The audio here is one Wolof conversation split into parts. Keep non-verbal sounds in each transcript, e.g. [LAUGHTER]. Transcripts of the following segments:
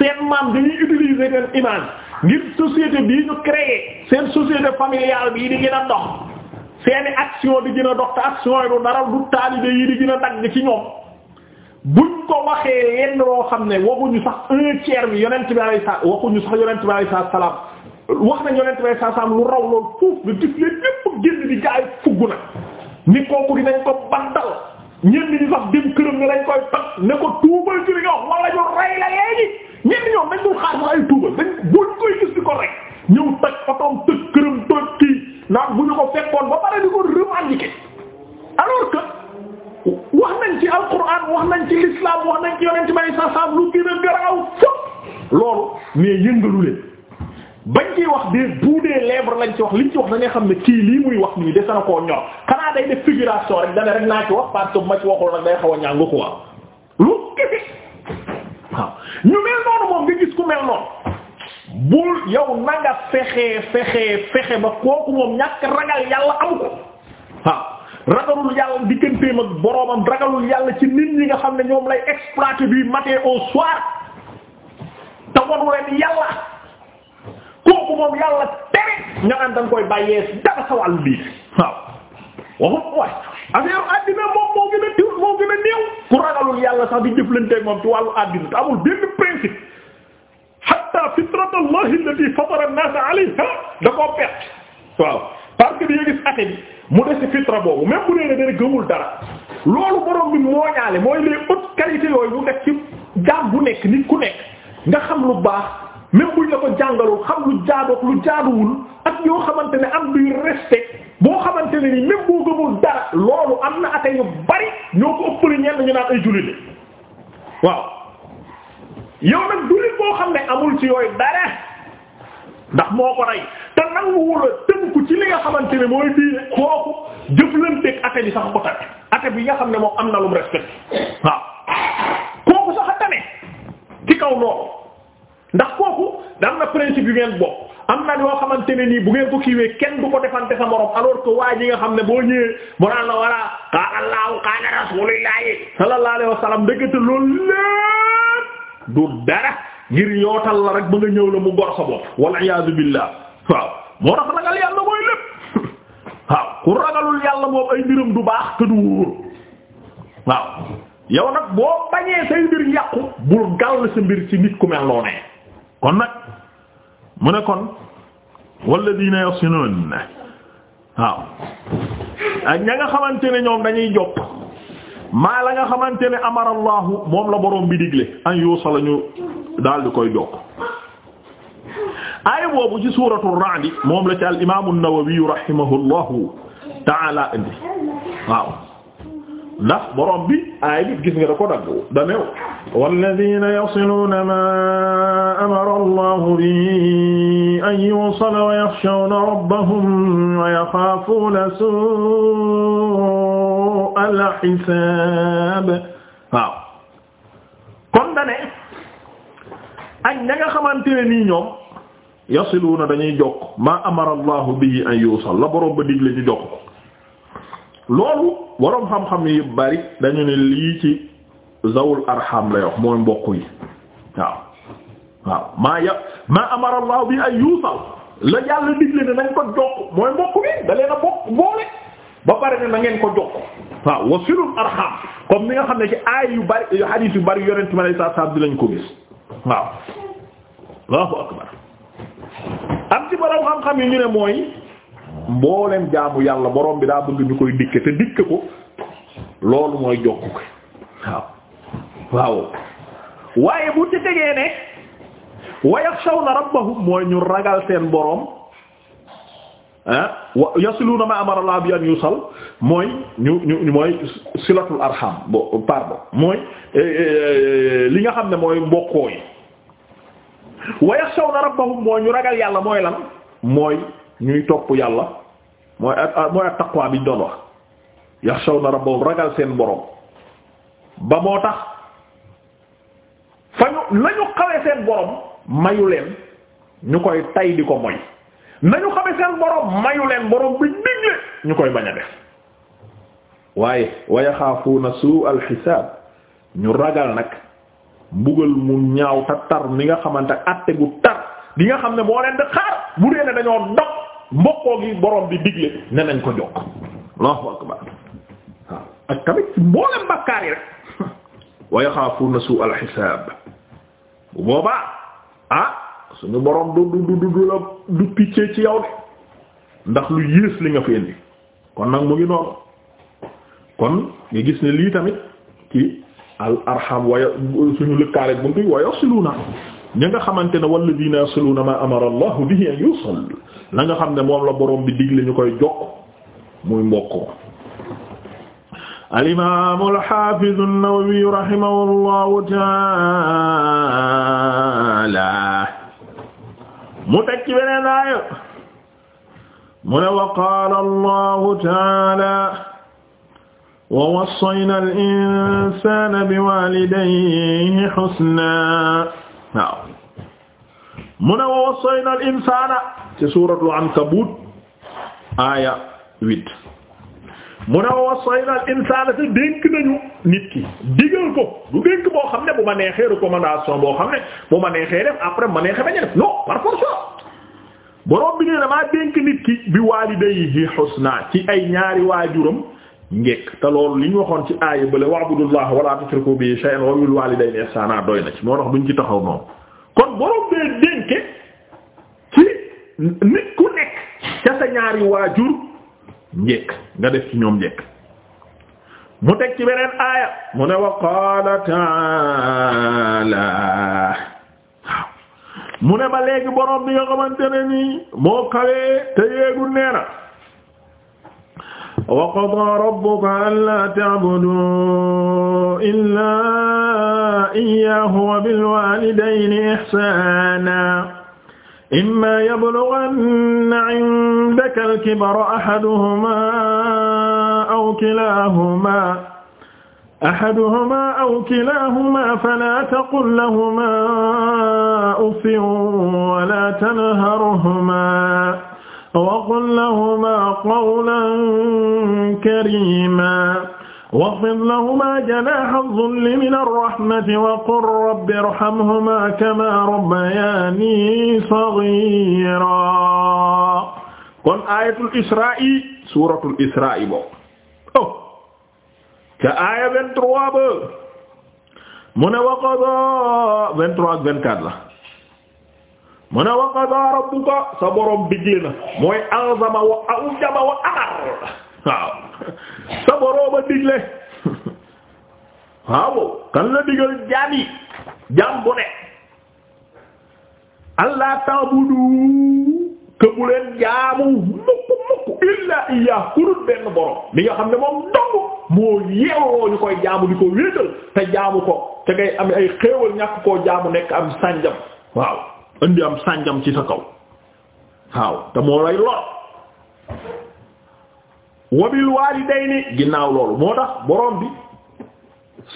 seen maam dañuy utiliser seen image ngir société bii ñu créer seen société familiale bii di gën a dox seeni action di gën a dox te action yi du dara du taalibe yi di gën a dagg ci ñoom buñ ko waxee yenn loo xam ne waxuñu sax un tiers bi yonent bi alayhi sa waxuñu sax yonent bi alayhi salaam wax nañ yonent bi alayhi salaam lu raw loolu foofu nga gis leen ñépp génn di jaay fugg na ni kooku dinañ ko bandal ñenn ñi sax dem këram ne lañ koy ko tuubal ñenn ñoom dañ doon xaar sax ay tuubal dañ buñ koy gis di ko rek ñëw toj otoom tëj këram toj kii naan bu ñu ko fekkoon ba pare di ko revendiquer alors que wax nañ ci alquran wax nañ ci l'islam wax nañ ci yonent may sasam lu gën a garaaw fop loolu mais yëngalu leen bañ ciy wax des bouts des lañ ci wax liñ ci wax da xam ne kii lii muy wax nii des na koo ñor xanaa day def figuration rek dane rek naa ci wax parce que ma ci waxul rek xaw a ñàngu quoi mel noonu bul yow na nga fexe fexe fexe ba kooku moom ñàkk ragal yàlla am ko waaw ragalul yàlla digganteem ak boroomam ragalul yàlla ci nit ñi nga xam ne ñoom lay exploiter bi matin au soir te wonu yàlla kooku moom yàlla tere nga am da koy bàyyee dara sa wàllu biir waaw waxut waay affaire àddina moom moo gën a tiw moo gën a néew ku ragalul yàlla sax di jëflanteeg moom ci wàllu àddina te amul benn principe hatta fitrat allah allati fatara an-nas alayha da koo perte waaw parce que dañuy gis ate bi boobu même bu dee dana gëmul dara loolu borom bi mooñaale mooy les hautes qualités yooyu mu nekk ci jaam bu nekk nit ku nekk nga xam lu baax même buñ la ko jàngaloo xam lu jaadoog lu jaaduwul ak yoo xamante ne am duy respect boo xamante ne ni même boo gëmul dara loolu am na ate yu bari ñoo ko ëppale ñenn ñu naan ay jullit waaw. yow nag dulit boo xam ne amul ci yooyu dara ndax moo ko rey te nanguwul tënku ci li nga xamante ne mooy diine kooku jëflanteeg ate bi sax ko tane ate bi nga xam ne moom am na lum respecté waaw kooku sax a tane ci kaw noonu ndax kooku dam na principe yu ngeen bokk am na yoo xamante ne nii bu ngeen ko kiiwee kenn bu ko defante sa moroom alors que waa ji nga xam ne boo ñëwee mu naan la wala qaala Allahu qaala rasuulullahi sallallahu alayhi wa du dara ngir yootal la rek ba nga ñëw la mu gor sa bopp wal waaw moo tax yàlla mooy lépp [LAUGHS] waaw ku ragalul yàlla moom ay mbiram du baax te du wóor waaw yow nag boo bañee say mbir yàqu bul gàll sa mbir ci nit ku mel noonu kon nag mu ne kon walladina yasinoon waaw ak ña nga xamante ne ñoom dañuy jopp maa la nga xamante ne amarallahu moom la borom bi digle an yuusa ñu daal di koy jokk aaya boobu ci suuratu Ra'd moom la ci al imaamu Nawawi rahimahullahu waaw ndax borom bi aay bi gis nga da ko dagg da new walladina yasiluna ma amara allahu bi an yusala wa yaxshawna rabbahum wa yaxaafuuna su'a al-xisaab waaw kon dane ak ña nga xamante ne nii ñoom yasiluna dañuy jokk ma amara allahu bi an yusal la borom ba digle ñu jokk ko loolu waroom xam-xam yi bari dañu ne lii ci zawul arham la yox mooy mbokk yi waaw waaw maa ya maa amar allah bi ay yuusal la yàlla digle ne nañ ko jokk mooy mbokk bi da leen a bokk boole ba pare ne na ngeen ko jokk waaw wasilul arham comme ni nga xam ne ci aay yu bari yu hadith yu bari yonent ma lay saa saa di lañ ko gis waaw allahu akbar am ci borom xam-xam yi ñu ne mooy mbooleem jaamu yàlla borom bi daa bëgg ñu koy dikke te dikke ko loolu mooy jokk ko waaw waaw waaye bu ci tegee ne wa yaxshawna rabbahum mooy ñu ragal seen boroom ah wa yasluna ma amara Allah bi an yusal mooy ñu ñu mooy silatul arham bo pardon mooy eh, eh, li nga xam ne mooy mbokkoo yi wa rabbahum mooy ñu ragal yàlla mooy lan mooy ñuy topp yàlla mooy ak mooy ak taqwa biñ doon wax yaxshawna rabbahum ragal seen borom ba moo tax fa ñu nañu xawee seen borom mayu leen ñu koy tay di ko ñu koy bañ a def waaye wa yaxaafuuna su'al xisaab ñu ragal nag mbugal mu ñaaw ta tar mi nga xamante ak àtte gu tar di nga xam ne moo leen di xaar bu dee ne dañoo dox mbokkoo gi borom bi digle ne nañ ko jokk Allahu akbar waaw ak tamit ci mboolem bakkaar yi rek [LAUGHS] wa yaxaafuuna suu al boobaa ah suñu borom du du du du la du piccé ci yow de ndax lu yées li nga fi kon nag mu ngi noonu kon nga gis ne lii tamit ci al arham waya suñu lëkkaale buntu wa yasiluuna ñi nga xamante ne walladina yasluna ma amara allahu bihi an yusal la nga xam ne moom la borom bi digle ñu koy jokk muy mbokkoo alimamu alxafizu an-Nawawi rahimahu allahu taala mu teg ci beneen aaya mu ne wa qaala allahu taala wa wassayna al-insaana biwaalidayhi husnaa mu ne wa wassayna al insana ci suratul ankabut aaya huit mu ne wa wassayna al insana te dénk nañu nit ki digal ko du dénk boo xam ne bu ma neexee recommandation boo xam ne bu ma neexee def après ma neexee bañ a def non par force borom bi nee na maa dénk nit ki bi walidayhi husna ci ay ñaari waajuram ngekk te loolu li ñu waxoon ci aaya bële wa'budullah wala tushriku bihi shay'an wa bil walidayni ihsana doy na ci moo bu duñ ci taxaw noonu kon borom bee nit ku nekk ca sa ci ñoom njekk mu teg ci beneen aaya mu ba léegi borom bi nga xamante te yéegu nee na wa qadaa rabbuka allaa wa bil ihsaana imma yablughanna indaka al-kibara ahaduhumaa aw kilaahumaa ahaduhumaa aw kilaahumaa falaa taqul lahumaa uffin wa laa tanharhumaa wa qul lahumaa qawlan kariimaa واخفض لهما جناح الذل من الرحمة وقل رب ارحمهما كما ربياني صغيرا kon aayatul Israa suuratul Israa bo oh, ca aaya 23 ba mu ne waqadaa 23 ak 24 la mu ne waqadaa rabbuka sa borom bi na mooy azama wa awjaba wa amar waaw sa borooma digle waaw kan la digal jaam yi jaam allah ta'budu ke bu leen jaamu mukk mukk illaa iyyaahu ku dul benn borom mi nga xam ne moom dong moo yeewoo ñu koy jaamu di ko wéetal te jaamu ko te ngay am ay xéewal ñàkk koo jaamu nekk am sànjam waaw indi am sànjam ci sa kaw waaw te moo lay lor wabil waalidayni ginnaaw loolu moo tax borom bi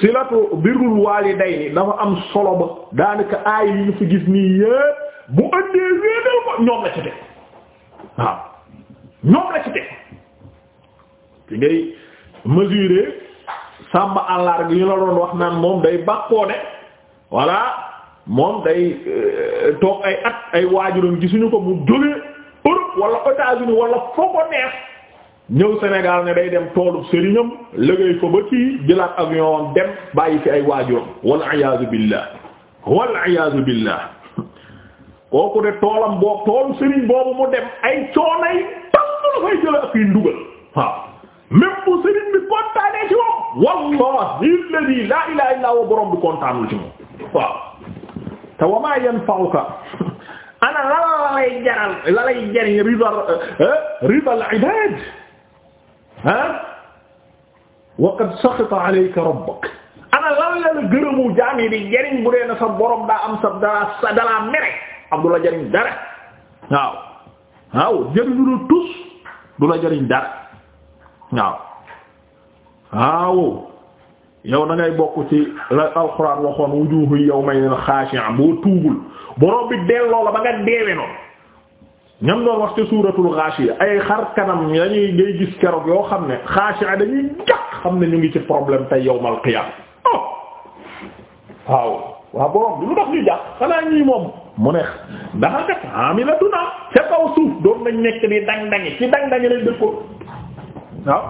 silatu birrul waalidayni dafa am solo ba daanaka aay yi ñu fi gis nii yépp bu ëndee wéetal ko ñoom la ci teg waaw ñoom la ci teg ci ngay mesurer sàmm àllar gi ñu la doon wax naan moom day bàkkoo ne voilà moom day euh, toog ay at ay waajuram gisuñu ko mu jógee Europe wala États-Unis wala foo ñëw Sénégal ne day dem toolu sëriñam liggéey fa ba kii jëlaat avion am dem bàyyi fi ay waajuram wal iyaazu billah wal iyaazu billah kooku de toolam boo boobu mu dem ay coonay tàmm fay jëla ak yi ndugal waaw même bu sëriñ bi kontaanee ci moom la ilaha illa huwa borom bi kontaanul ci moom waaw ma yanfa'uka ana la lay jaral la lay jariñ ridal eh, ridal ah wa qad saxita alayka rabbuk ana lan la la gërëmu jaam yi di jariñ bu dee na sa borom daa am sa dalaa sa dalaa mere am du la jariñ dara waaw waaw jariñu la tus du la jariñ dara waaw waaw yow da ngay bokk ci la alxuraan waxoon wujuhu yawma xaashi'a boo tuubul borom bi delloo la ba nga deewe noonu ñam doon wax ca suuratul xaashiya ay xar kanam dañuy ngay gis keroog yoo xam ne xaashiya dañuy jàq xam ne ñu ngi ci problème tey yawmal qiyaam oh! waaw waaw borom bi lu tax ñu jàq xanaa ñii moom mu ne ndaxa kat amilatuna ca kaw suuf doon nañ nekk di dang-dangi ci dang-dangi lañ dëkkoon waaw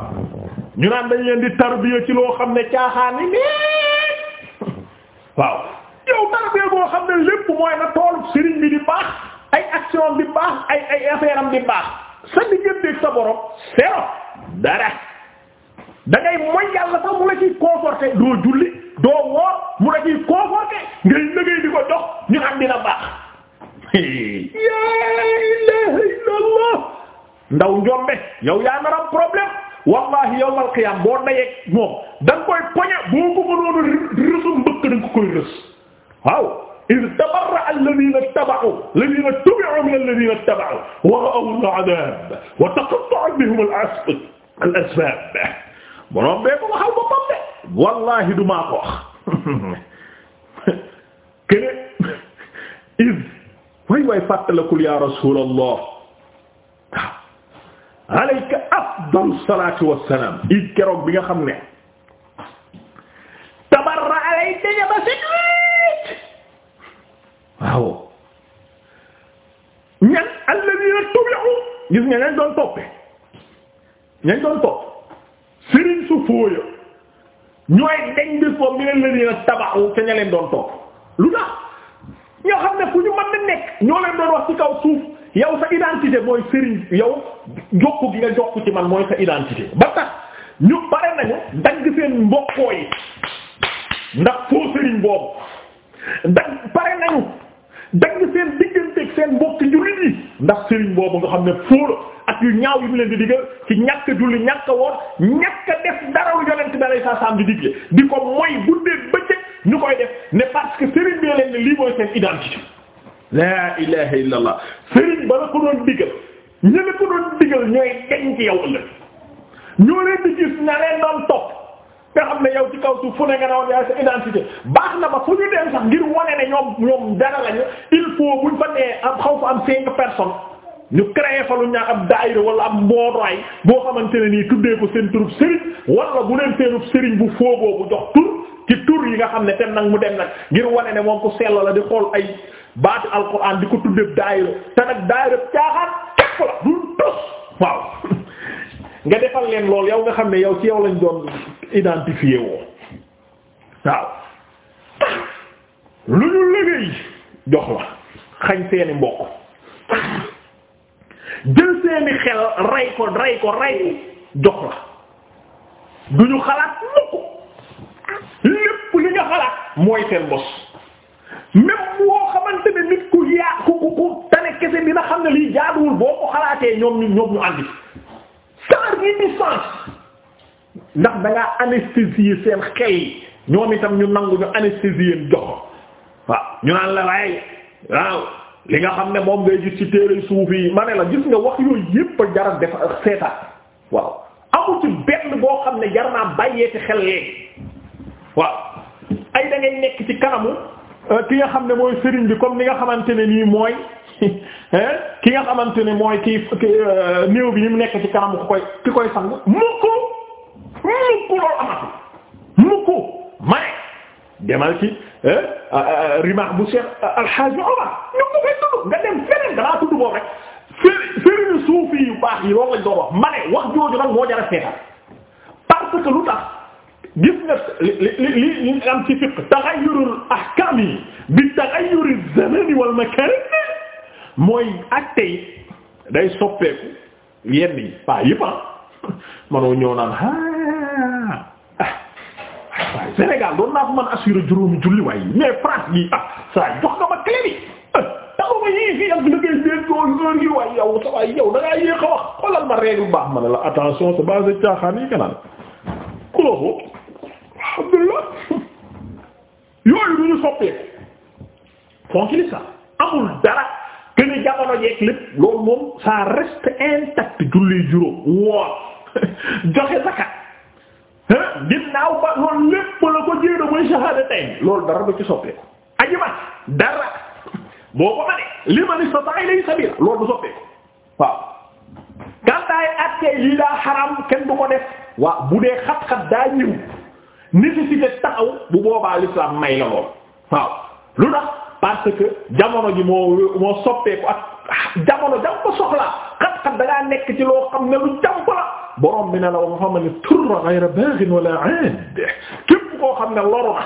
ñu naan dañ leen di tarbiya ci loo xam ne caaxaani nii [LAUGHS] waaw yow tarbiya boo xam ne lépp mooy na toolu sëriñ bi di baax ay action am di baax ay ay affaire di baax sa digganteeg sa borom zéro dara da ngay yàlla sax mu la ciy conforté doo julli doo woor mu la ciy conforté ngay liggéey di ko dox ñu xam dina baax yaa ilaha ndaw njombe yow yaa naram problème wallahi yawmal qiyam boo dayeeg moom da koy poñe boo ko mënoon a rësum mbëkk da koy rës waaw iz tabarra'a alladhina ittaba'u alladhina tubi'u min alladhina ittaba'u wa ra'aw al'adab wa taqatta'at bihum al'asbab borom bee ko waxal boppam de wallahi du maa ko wax [LAUGHS] kene iz [LAUGHS] waay waay fàttalikul ya rasulallah alayka afdalu salatu wassalam iz keroog bi nga xam ne waaw ñan alladina tubi'u gis nga ñañ doon toppe ñañ doon topp sëriñ su fooya ñooy dañ bis boobu mi leen la tabaxu ca leen doon topp lu tax ñoo xam ne fu ñu mën na nekk ñoo leen doon wax ci kaw suuf yow sa identité mooy sëriñ yow jokku gi nga jokku ci man mooy sa identité ba tax ñu bare nañu dagg seen mbokkoo yi ndax foo sëriñ boobu dagg bare nañu dagg seen digganteeg seen mbokk jullit yi ndax sëriñ boobu nga xam ne fóora ak yu ñaaw yi mu leen di digal ci ñàkk julli ñàkk woor ñàkk def dara lu yonent bi alayhi salaam di digle di ko mooy guddee bëccëg ñu koy def ne parce que sëriñ bi leen ne lii mooy seen identité la ilaha illa allah ba la ko doon digal ña la ko doon digal ñooy deñ yow ëllëg ñoo leen di gis ña leen doon topp te xam ne yow ci kaw suuf fu ne nga naan yaay sa identité baax na ba fu ñu dem sax ngir wane ne ñoom ñoom dara lañu il faut buñ fa nee am xaw fa am cinq personnes ñu créé fa lu ñaa ab daayira wala am mbooraay boo xamante ne nii tuddee ko seen turub sëriñ wala bu leen seenub sëriñ bu foogoo bu jox tur ci tur yi nga xam ne te nag mu dem nag ngir wane ne moom ko sell la di xool ay baati alquran di ko tuddee daayira te nag daayira caaxaan képp la du tos waaw [LAUGHS] nga yow nga xam ne yow ci lañ doon. identifié woo waaw lu ñu liggéey jox la xañ seeni mbokk jël seeni xel rey ko rey ko rey jox la du ñu xalaat mukk lépp li nga xalaat mooy seen bos même woo xamante nit ku yaa ku ku ku tane kese dina xam ne lii jaaduwul boo ko xalaatee ñoom ñoom ñu àndi sans résistance ndax da ngaa anesthésier seen xel yi ñoom itam ñu nangu ñu anesthésier jox waaw ñu naan la waaye waaw li nga xam ne moom ngay gis ci téere suufi yi mane ne la gis nga wax yooyu yépp a def seetaat waaw amu ci benn boo xam ne jar naa bàyyee ci xel léegi waaw ay da nekk ci kanamu euh, ki nga xam ne mooy sëriñ bi comme li nga xamante ne nii mooy [LAUGHS] ki nga xamante ne mooy ki euh, néew bi ni mu nekk ci kanamu ku koy ki koy sang mu mukk loolu amatu mukk ma ne demal eh, bu Cheikh Alxaaji Omar ñu ko fay tudd nga dem feneen damaa tudd boobu suufi baax yi loolu lañ doon wax ma ne wax jooju nag moo jara seetal parce li li li am ci fiqh taghayyurul ahkaam yi bi taghayyuriz zaman wal makan mooy acte day soppeeku yenn yi pas manoo ñëw naan ah waaye Sénégal doon naa ko mën assuré juróomi julli waaye mais France bi ah, saa jox nga ma clé bi ah, ma yéegi fii ak liggéey bee tool heure yi ma règle baax ma ne la attention sa base caaxaan yi kanaan kulóoxu alhamdulillah yooyu du ñu soppeeku fonkili sax amul dara que ni jamono jeeg loolu moom ça reste intact julli juróom waaw. [LAUGHS] joxe zakat ginnaaw ba loolu lépp la ko jéem mooy shahadatayn loolu dara du ci soppeeku. aji ma dara [LAUGHS] boo ko mënee li ma ni istata'a ilayhi sabila loolu du soppeeku waaw. gàntaay ak tey lii daa xaram kenn du ko def waaw bu dee xat-xat daa ñëw nécessité taxaw bu boobaa l'islam may la lool waaw lu tax. parce que jamono ji moo moo soppeeku ak jamono jam ko soxla xat-xat da nekk ci loo xam ne lu jam la borom bi ne la wa fa man turra ghayra baghin wala 'ad képp koo xam ne loru na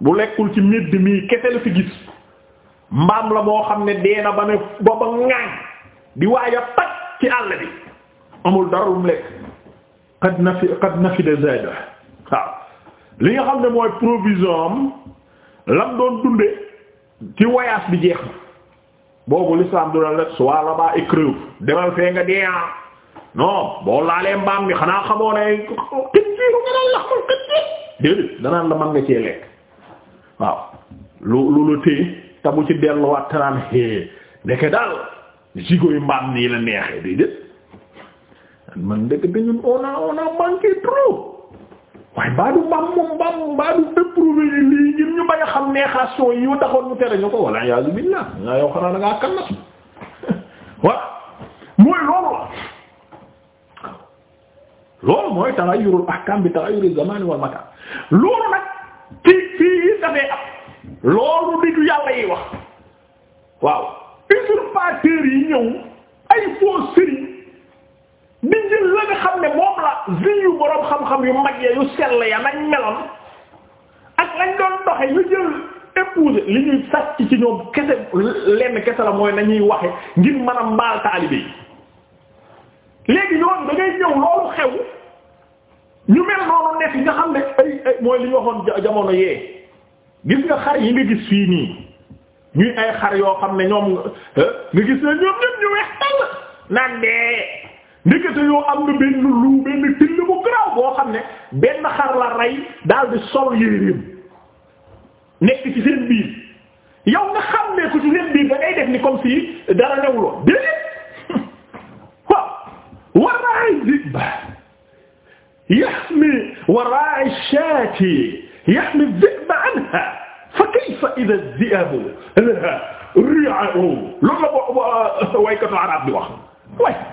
bu lekkul ci medd mii kese la fi gis mbaam la moo xam ne dee na ba ne ba ba ŋaañ di waaya pat ci àll bi amul dara lum lekk qad nafi qad nafida zaada waaw li nga xam ne mooy provision am lam doon dunde ci voyage bi jeex na boobu l'islam du la rek soit là-bas écrire demal fee nga dee ah. non boo laalee mbaam mi xanaa xamoo ne xëj jiitu nga doon lax xëj la mën nga cee lekk waaw lu lu la téye te ci delluwaat te naan hee daal jigo mbaam nii la neexee déedéet man ndeke dañu on a on a manqué trop. waaye mbaa du mam moom mbam mbaa yi lii ngir ñu bañ a xam neexation yi yu taxoon mu tere ñu ko wala yaasu billah ñaa yow xanaa da ngaa kan wa mooy loolu la loolu mooy taghayyurul ahkam bi taghayyuril zaman wal makan loolu nag fii fii dafee am loolu di du yàlla yi wax waaw usurpateurs yi ñëw ay faux sëriñ di jël la nga xam ne moom la vie yu boroom xam-xam yu mag ya yu sell ya nañ meloon ak lañ doon doxe yu jël épouser li ñuy sàcc ci ñoom kese lenn kese la mooy nañuy waxe ngir mën a mbaal taalibe yi léegi ñoom da ngay loolu xew ñu mel noonu nekk nga xam ne ay mooy li ñu waxoon jamono yee gis nga xar yi nga gis fii nii ñuy ay xar yoo xam ne ñoom nga gis ne ñoom ñëpp ñu weex tàll naan ndekete yoo am na benn lu benn till bu garaaw boo xam ne benn xar la rey daal di sol yéreem nekk ci biir yow nga xam ne ko ci biir da ngay def ni comme si dara newuloo déedéet [LAUGHS] waaw waraay yaxmi waraay shaati yaxmi zibba anha fa kayfa idha dhi'abu laha ri'a'u la ko waykatu arab bi wax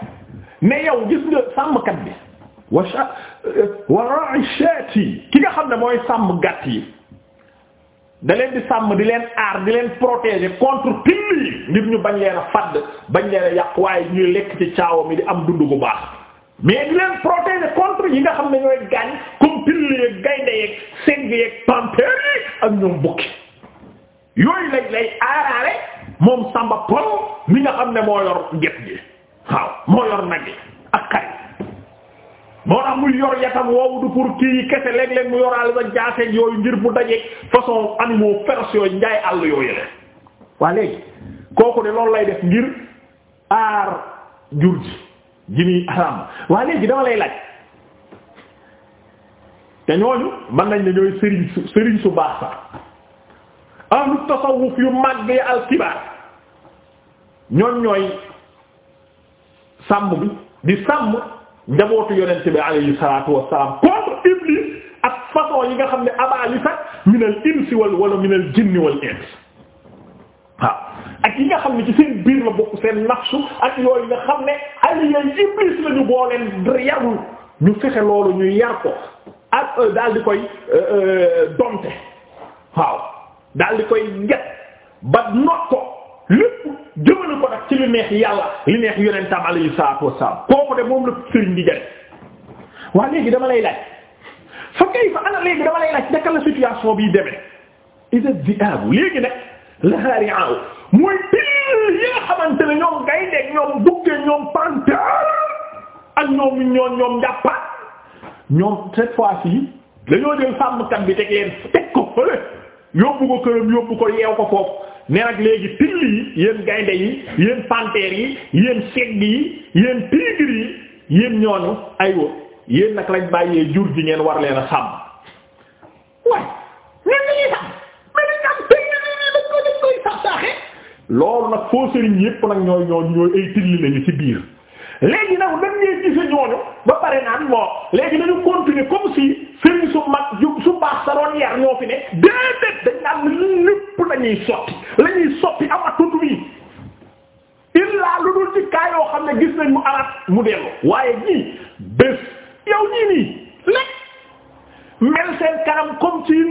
ne yow gis nga sàmmkat bi wa sha wa ki nga xam ne mooy sàmm gàtt yi da leen di sàmm di leen aar di leen protéger contre till yi ngir ñu bañ leen a fadd bañ leen yàqu yàq waaye ñuy lekk ci caawa mi di am dund gu baax mais di leen protéger contre yi nga xam ne ñooy gaañ comme till yeeg gaynde yeeg seng yeeg panthère yi ak ñoom bukki yooyu lañ lay aaraale moom sàmba pol mi nga xam ne moo yor gétt gi waaw moo yor nag yi ak xar moo tax muy yor yatam woowu du pour kii kese léeg-léeg mu yoraale ba jaaseeg yooyu ngir bu dajeeg façon animaux féroces yooyu njaay àll yooyu la waa léegi kooku de loolu lay def ngir aar jur ji ji muy waa léegi dama lay laaj te ñooñu mën nañ ne ñooy sëriñ su sëriñ su baax sax ahlu tasawuf yu mag bi alkibaar ñooñ ñooy sàmm bi di sàmm njabootu yonent bi alayhi salaatu wassalaam contre iblis ak façon yi nga xam ne abaali sax minal insi wal wala minal jinni wal ins waaw ak yi nga xam ne ci seen biir la bokk seen nafsu ak yooyu nga xam ne ali yooyu iblis lañu boo leen ñu fexe loolu ñu yar ko ak euh, daal di koy euh, euh, donte waaw daal di koy get ba not ko lépp jëmale ko nag ci li neex yàlla li neex yonentam alayhi salaatu wassalaam kooku de moom la sëriñ di jël waa léegi dama lay laaj fa kayfa ana léegi dama lay laaj naka la situation bi demee ida diabu léegi nag lahaariau mooy pil yi nga xamante ne ñoom ngay nekk ñoom bukkee ñoom panthère ak ñoom ñoom ñoom njàppaat ñoom cette fois-ci dañoo jël sàmmkat bi teg leen teg ko fële yóbbu ko këram yóbbu ko yeew ko foofu ne nag léegi till yi yéen gaynde yi yéen panthère yi yéen segg yi yéen tigre yi yéen ñooñu aywa yéen nag lañ bàyyee jur ji ngeen war leen a sàmm waaye ñun dañuy sàmm na ne dañ loolu nag foo sëriñ yépp nag ñooy ñooy till lañu ci biir. léegi nag dañ ñuy gise ñooñu ba pare naan moo léegi dañu continuer comme si sëriñ su mag su baax sa doon yar ñoo fi ne déedéet dañ naan lépp la ñuy sotti la ñuy sotti amatut wi illaa lu dul ci kaa yoo xam ne gis nañ mu arat mu dellu waaye ñii bés yow ñii nii lépp mel seen kanam comme ci euh,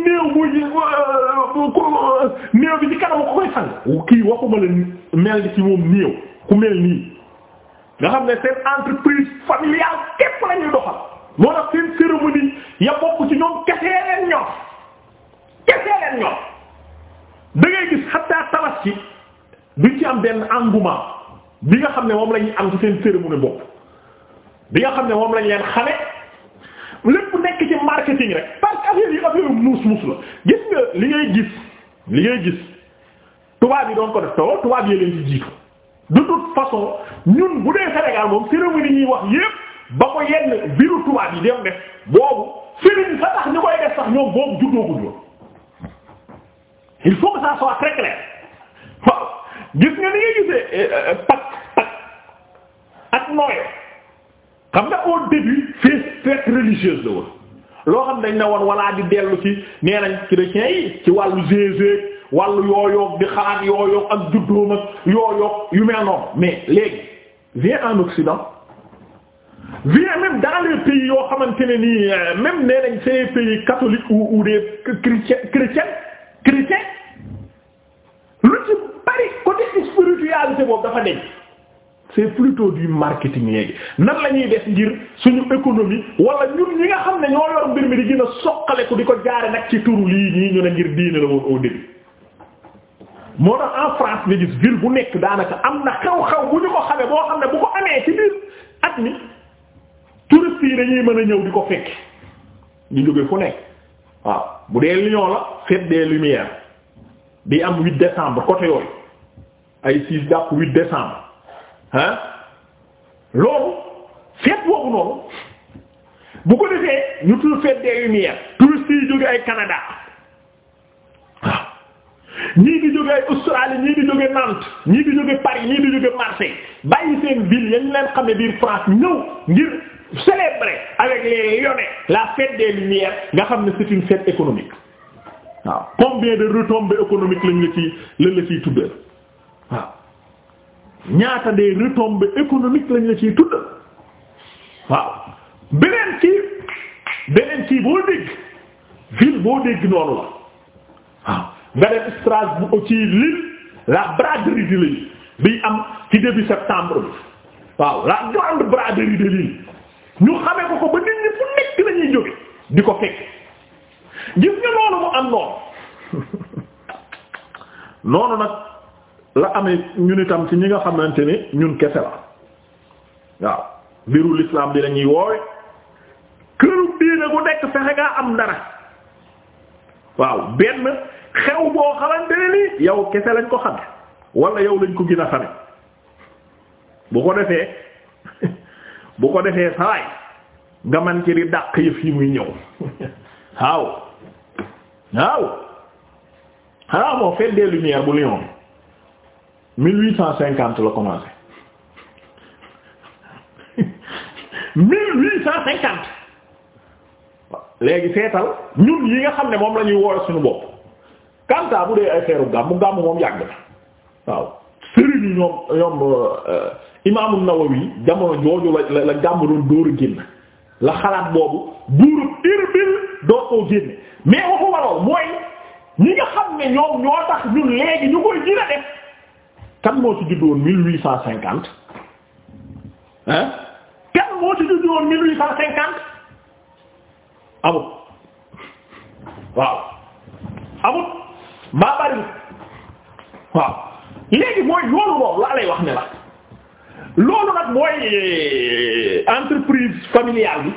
néew bi ci kanam ko koy sang kii waxuma la mel ci moom néew ku mel nii nga xam ne seen entreprise familiale képp la ñuy doxal moo tax seen cérémonie ya bokk ci ñoom kese leen ñoom kese leen ñoom ci am benn engouement bi nga xam ne moom la ñuy am ci seen cérémonie bopp bi nga xam ne moom lañ leen xame lépp nekk ci marketing rek parce que yi affaire muus muus la gis nga li ngay gis li ngay gis tubaab yi doon ko def taw tubaab yi leen ci jiitu de toute façon. ñun bu dee Sénégal moom cérémonie ñuy wax yépp ba ko yenn biru tubaab yi dem def boobu sëriñ sa tax ñu koy def sax ñoom boobu juddooguñ woon il faut que ça soit très gis nga ni nga gisee pak euh, euh, pak ak nooyo xam nga au début fête fête religieuse la woon loo xam dañ ne woon walaa di dellu ci nee nañ chrétiens yi ci wàllu Jésus wàllu yooyoog di xalaat yooyoog ak juddoom ak yooyoog yu mel mais léegi vient en Occident vient même dans les pays yoo xamante ne nii euh, même nee nañ c'est pays catholiques ou ou des chrétiens chrétiens chrétiens lu ci bari côté spiritualité boobu dafa deñ c'est plutôt du marketing léegi nan la ñuy def ngir suñu économie wala ñun ñi nga xam ne ñoo yor mbir mi di gën a soqaleku di ko jaare nag ci turu lii ñii ñu ne ngir diine la woon au moo tax en France nga gis ville bu nekk daanaka am na xew-xew bu ñu ko xamee boo xam ne bu ko amee ci biir at mi touristes yi dañuy mën a ñëw di ko fekk ñu jóge fu nekk waaw bu dee Lyon la fête des Lumières bi am 8 décembre côté yooyu ay 6 jàpp 8 décembre ah loolu fête boobu noonu bu ko defee ñu tudd fête des Lumières touristes yi jóge ay Canada. ñii di jógee Australie ñii di jógee Nantes ñii di jógee Paris ñii di jógee Marseille bàyyi seen ville yañ leen xam ne biir France ñëw ngir célébrer avec les la fête des Lumières nga xam ne c'est une fête économique waaw combien de retombées économiques lañ la ciy lañ la ciy tuddal waaw ñaata des retombées économiques lañ la ciy tuddal waaw beneen kii beneen kii boo dégg ville boo dégg noonu la waaw. nga dem Strasbourg ci Lille la braderie de Lille bi am ci début septembre bi waaw la grande braderie de Lille ñu xamee ko ko ba nit ñi fu nekk lañuy jóge di ko fekk gis nga loolu mu am noonu [LAUGHS] noonu nag la amee ñun itam ci ñi nga xamante ni ñun kese la waaw biiru l'islam bi lañuy woowe këru diine ku nekk fexe ngaa am dara waaw benn xew boo xamante ne nii yow kese lañ ko xame wala yow lañ ko gin a xame bu ko defee [LAUGHS] bu ko defee sawaay nga man ci di dàq yëf yi muy ñëw [LAUGHS] waaw waaw xanaa moo fête des lumières bu Lyon mil huit cent cinquante la commencé [LAUGHS] mille huit cent cinquante léegi seetal ñun yi nga xam ne moom la ñuy woowe suñu bopp kanta bu dee ay feeru gàmm gàmm moom yàgg na waaw sëriñ yi ñoom euh, jamono jooju la la doon dóor a génn la xalaat boobu buurub Irbil doo koo génne mais waxu waroon mooy ñi nga xam ne ñoom ñoo tax ñun léegi ñu koy gën a kan moo ci juddoon mille huit cent cinquante hein kan moo ci juddoon mille huit cent cinquante amut waaw amut maa bari waaw léegi mooy loolu moom laa lay wax ne la loolu nag mooy eh, entreprise familiale bi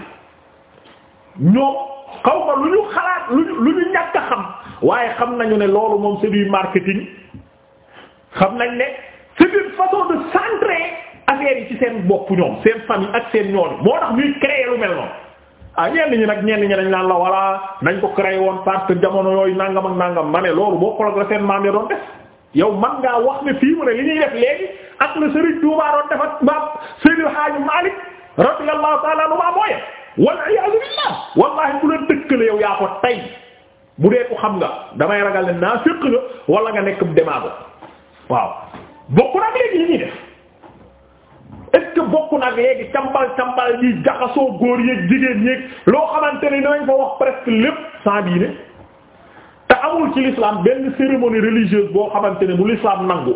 ñoom xaw ma lu ñu xalaat lu ñu lu ñu ñàkk xam waaye xam nañu ne loolu moom c'est du marketing xam nañ ne c'est façon de centrer affaire yi ci seen bopp ñoom seen famille ak seen ñoom moo tax ñuy créer mel noonu. ah ñenn ñi nag ñenn ñi dañ naan la walla nañ ko créé woon parce jamono yooyu nàngam ak nangam ma ne loolu bokkul ak la seen maam ya doon def yow man ngaa wax ne fii mu ne li ñuy def léegi ak la Serigne Touba doon def ak maam Seydil Hadji Malick radiyallahu ta'ala anhu maa mooyee walla iyaazu billah wallaahi ku la dëkkale yow yaa ko tay bu dee ko xam nga damay ragal ne naa fekk nga wala nga nekk démaago waaw bokku nag léegi li ñuy est bokk nag léegi cambal cambal yi jaxasoo góor yéeg jigéen yéeg loo xamante ni dinañ fa wax presque lépp sans diine te amul ci l'islam benn cérémonie religieuse boo xamante ne bu l'islam nangu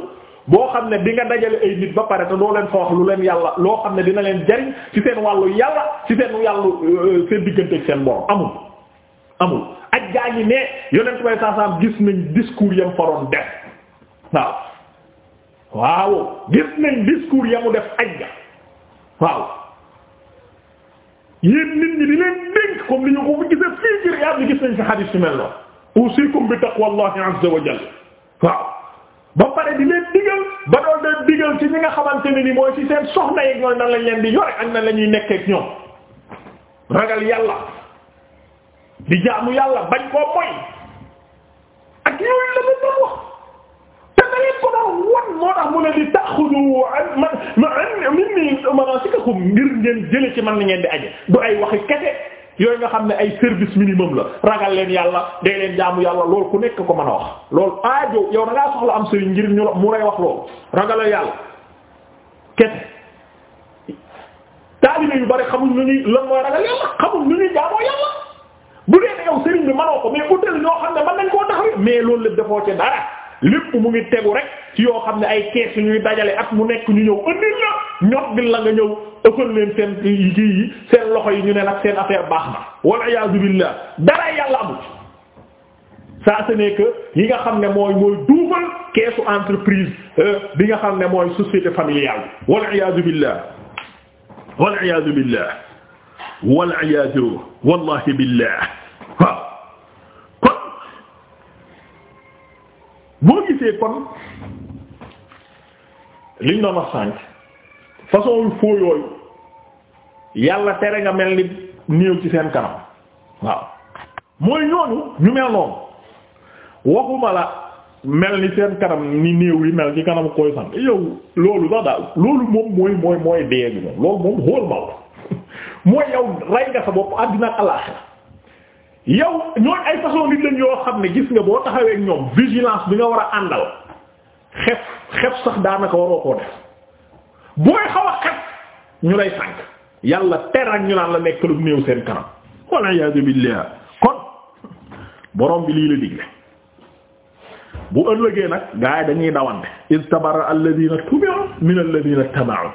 boo xam ne di nga dajale ay nit ba pare te doo leen fa wax lu leen yàlla loo xam ne dina leen jariñ ci seen wàllu yàlla ci seen wàllu euh, seen diggante ak seen borom amul amul ak gaa ñi ne yonent bay saasaam gis nañ discours yam faroon def waaw waaw gis nañ discours ya mu def ajja waaw yéen nit ñi di leen dénk comme li ñu ko gise fii ci Riyad bi gis nañ fi xadiis yu mel noonu usikum bi taqwallahi azza wa jalla waaw ba pare di leen digal ba doon leen digal ci ñi nga xamante ne ni mooy ci seen soxna yi ñooy nan lañ leen di yore ak nan la ñuy nekkee ak ñoom ragal yàlla di jaamu yàlla bañ koo moy ak yooyu la ma doon da moo tax mu ne li ta'khudhu minni manasikakum ngir ngeen jële ci man ngeen di aje du ay waxi kese yooyu nga xam ne ay service minimum la ragal leen yàlla day leen jaamu yàlla lool ku nekk ko mën a wax loolu aajo yow da ngaa soxla am sëriñ ngir ñu mu lay wax loolu ragal yàlla kese taalibe yu bari xamuñ lu ñuy lan mooy ragal yàlla xamuñ lu ñuy jaamoo yàlla bu dee yow sëriñ bi mënoo ko mais utal ñoo xam ne mën nañ koo taxaw mais loolu lépp defoo ci lépp mu ngi tegu rek ci yoo xam ne ay kees yu ñuy dajale at mu nekk ñu ñëw andil la ñot bi la nga ñëw ëppal leen seen yi seen loxo yi ñu ne nag seen affaire baax na walla iyaazu billaah dara yàlla amul ça ce n'est yi nga xam ne mooy mooy duufal keesu entreprise euh, bi nga xam ne mooy société familiale bi walla iyaazu billaah walla iyaazu wallahi billaah boo gisee kon liñ doon wax sànq façon foo yooyu yàlla tere nga mel ni néew ci seen kanam waaw mooy ñooñu ñu mel noonu waxuma la mel ni seen kanam ni néew yi mel ci kanam koy san yow loolu sax loolu moom mooy mooy mooy dee bi moom loolu moom xool ma [LAUGHS] mooy yow rey nga sa bopp àddina ak alaaxira yow ñooñ ay façon nit lañ yoo xam ne gis nga boo taxawee ñoom vigilance bi nga war a àndal xef xef sax daanaka waroo koo def booy xaw xef ñu lay sànk yàlla terak ñu naan la nekk lu néew seen kanam walla iyaazu billaah kon borom bi lii la digle bu ëllëgee nag gaa yi dañuy dawante iz tabara alladina tubi'u min alladina taba'u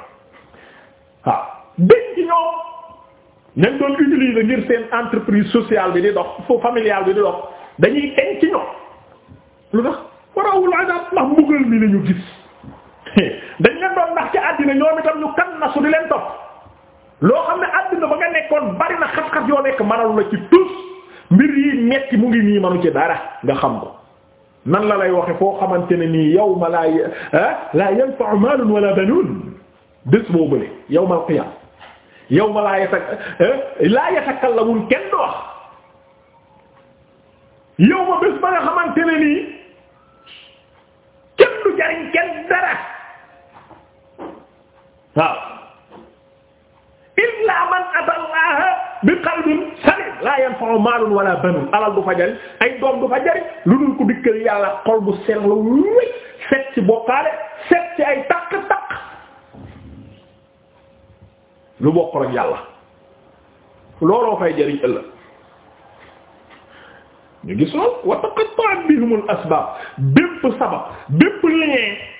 ñañ doon utiliser ngir seen entreprise social bi di dox fo familial bi di dox dañuy eñ ci ñoom lu tax warawul adab ndax mbugal mi lañu gis [LAUGHS] dañ leen doon ndax ci àddina ñoom itam ñu kan na su di leen topp loo xam ne àddina ba nga nekkoon bari na xat-xat yoo nekk manalu la ci tus mbir yi metti mu ngi nii manu ci dara nga xam ko nan la lay waxe foo xamante ne nii yawma la ah, la yanfa'u maalun wala banuun bés boo bële yawmal qiyaama yow ma laa yatak eh, laa yatakallamun kenn du wax yow ma bés ba nga xamante ne nii kenn du jariñ kenn dara waaw illa man atallaha bi qalbin salim la yanfa'u maalun wala banun alal du fa jariñ ay doom du fa jariñ lu dul ku dikkal yàlla xol bu sell wéy set ci bokkaale set ci ay takk takk lu bokkul ak yàlla looloo fay jariñ ëllëg ñu gis lool wa taqatta'a bihimul asbaab bépp sabab bépp lien